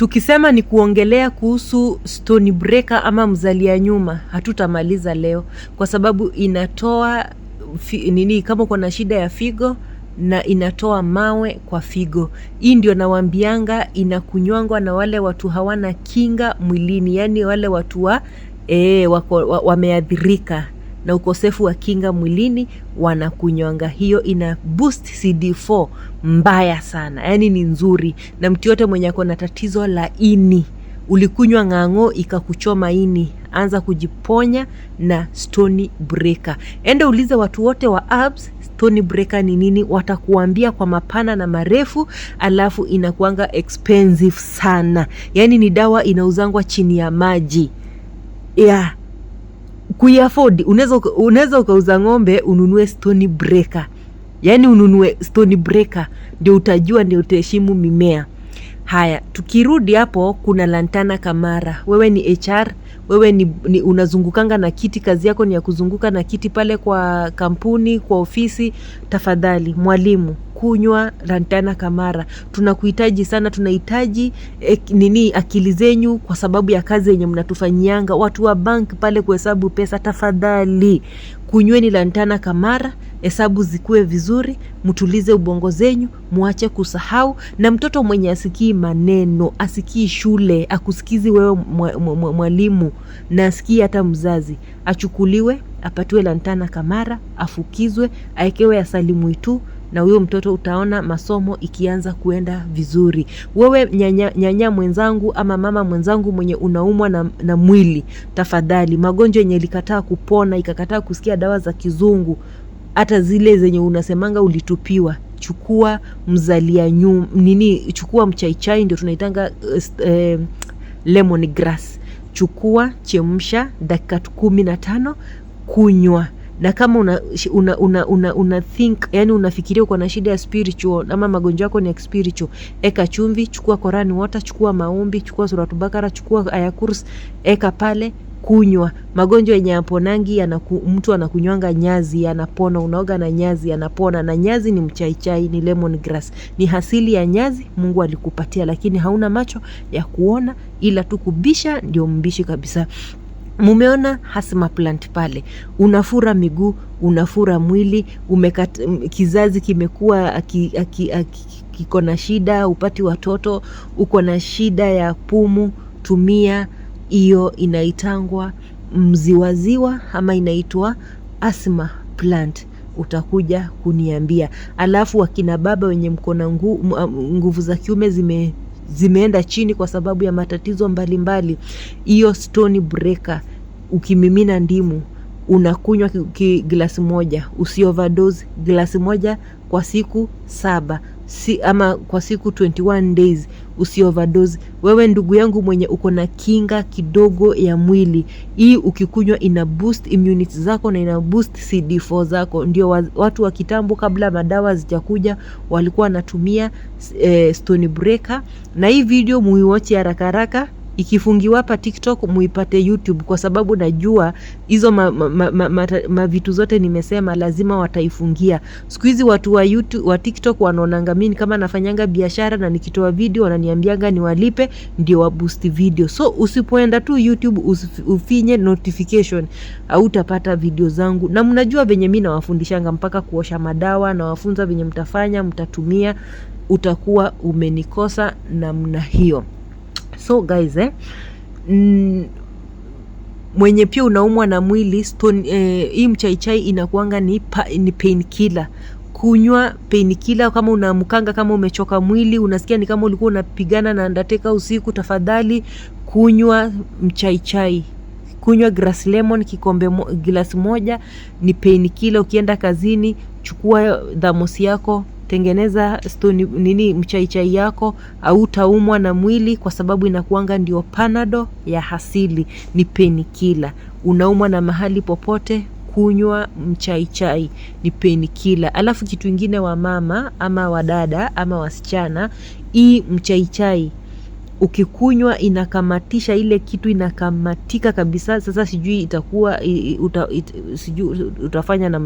Tukisema ni kuongelea kuhusu Stone Breaker ama Mzalia Nyuma, hatutamaliza leo kwa sababu inatoa fi, nini kama uko na shida ya figo na inatoa mawe kwa figo. Hii ndio nawambianga inakunywangwa na wale watu hawana kinga mwilini, yaani wale watu wa e, wameathirika na ukosefu wa kinga mwilini wanakunywanga. Hiyo ina boost CD4 mbaya sana, yaani ni nzuri. Na mtu yote mwenye ako na tatizo la ini, ulikunywa ng'ang'o ikakuchoma ini, anza kujiponya na stony Breaker. Enda uliza watu wote wa abs stony Breaker ni nini, watakuambia kwa mapana na marefu, alafu inakuanga expensive sana, yaani ni dawa inauzangwa chini ya maji yeah kuiafodi unaweza ukauza ng'ombe ununue stone breaker, yaani ununue stone breaker ndio utajua, ndio utaheshimu mimea. Haya, tukirudi hapo, kuna Lantana Kamara, wewe ni HR, wewe ni, ni unazungukanga na kiti, kazi yako ni ya kuzunguka na kiti pale kwa kampuni, kwa ofisi. Tafadhali mwalimu kunywa Rantana Kamara, tunakuhitaji sana, tunahitaji eh, nini akili zenyu kwa sababu ya kazi yenye mnatufanyianga watu wa bank pale kuhesabu pesa. Tafadhali kunyweni Rantana Kamara, hesabu zikuwe vizuri, mtulize ubongo zenyu, muache kusahau. Na mtoto mwenye asikii maneno, asikii shule, akusikizi wewe mwalimu, na asikii hata mzazi, achukuliwe apatiwe Lantana Kamara, afukizwe, aekewe asalimu itu na huyo mtoto utaona masomo ikianza kuenda vizuri. Wewe nyanya, nyanya mwenzangu ama mama mwenzangu mwenye unaumwa na, na mwili, tafadhali, magonjwa yenye ilikataa kupona ikakataa kusikia dawa za kizungu, hata zile zenye unasemanga ulitupiwa chukua mzalia nyum, nini chukua mchaichai ndio tunaitanga eh, eh lemon grass. Chukua chemsha dakika kumi na tano kunywa na kama una, una, una, una, una think yani unafikiria uko na shida ya spiritual ama magonjwa yako ni ya spiritual, eka chumvi, chukua Korani water, chukua maombi, chukua Suratul Bakara, chukua aya kursi, eka pale kunywa. Magonjwa yenye aponangi anaku, mtu anakunywanga nyazi anapona, unaoga na nyazi anapona. Na nyazi ni mchaichai, ni lemon grass, ni hasili ya nyazi Mungu alikupatia, lakini hauna macho ya kuona ila tu kubisha, ndio mbishi kabisa. Mumeona Hasma plant pale, unafura miguu, unafura mwili, umekat, kizazi kimekuwa kiko na shida, upati watoto, uko na shida ya pumu, tumia hiyo inaitangwa mziwaziwa ama inaitwa Asma plant utakuja kuniambia. Alafu wakina baba wenye mkona nguvu za kiume zime zimeenda chini kwa sababu ya matatizo mbalimbali. Hiyo stone breaker, ukimimina ndimu unakunywa glasi moja, usioverdose glasi moja kwa siku saba si, ama kwa siku 21 days overdose. Wewe ndugu yangu mwenye uko na kinga kidogo ya mwili hii, ukikunywa ina boost immunity zako na ina boost CD4 zako. Ndio watu wa kitambo kabla madawa zijakuja walikuwa wanatumia eh, stone breaker. Na hii video muiwache haraka haraka ikifungiwa hapa TikTok muipate YouTube, kwa sababu najua hizo ma, ma, ma, ma, ma, ma vitu zote nimesema lazima wataifungia. Siku hizi watu wa YouTube, wa TikTok wanaonanga mimi kama nafanyanga biashara na nikitoa video wananiambianga niwalipe ndio wa boost video. So usipoenda tu YouTube ufinye notification utapata video zangu, na mnajua venye mimi nawafundishanga mpaka kuosha madawa, nawafunza venye mtafanya, mtatumia, utakuwa umenikosa namna hiyo. So guys eh, mm, mwenye pia unaumwa na mwili stone, eh, hii mchaichai inakuanga ni, pa, ni pain killer kunywa killer. kama unamkanga kama umechoka mwili, unasikia ni kama ulikuwa unapigana na Undertaker usiku, tafadhali kunywa mchaichai, kunywa grass lemon kikombe mo, glass moja ni killer. Ukienda kazini, chukua dhamosi yako tengeneza stoni, nini mchaichai yako au utaumwa na mwili, kwa sababu inakuanga ndio panado ya hasili, ni penikila. Unaumwa na mahali popote kunywa mchaichai ni penikila. Alafu kitu ingine, wamama ama wadada ama wasichana, hii mchaichai ukikunywa inakamatisha ile kitu inakamatika kabisa. Sasa sijui itakuwa uta, it, sijui utafanya na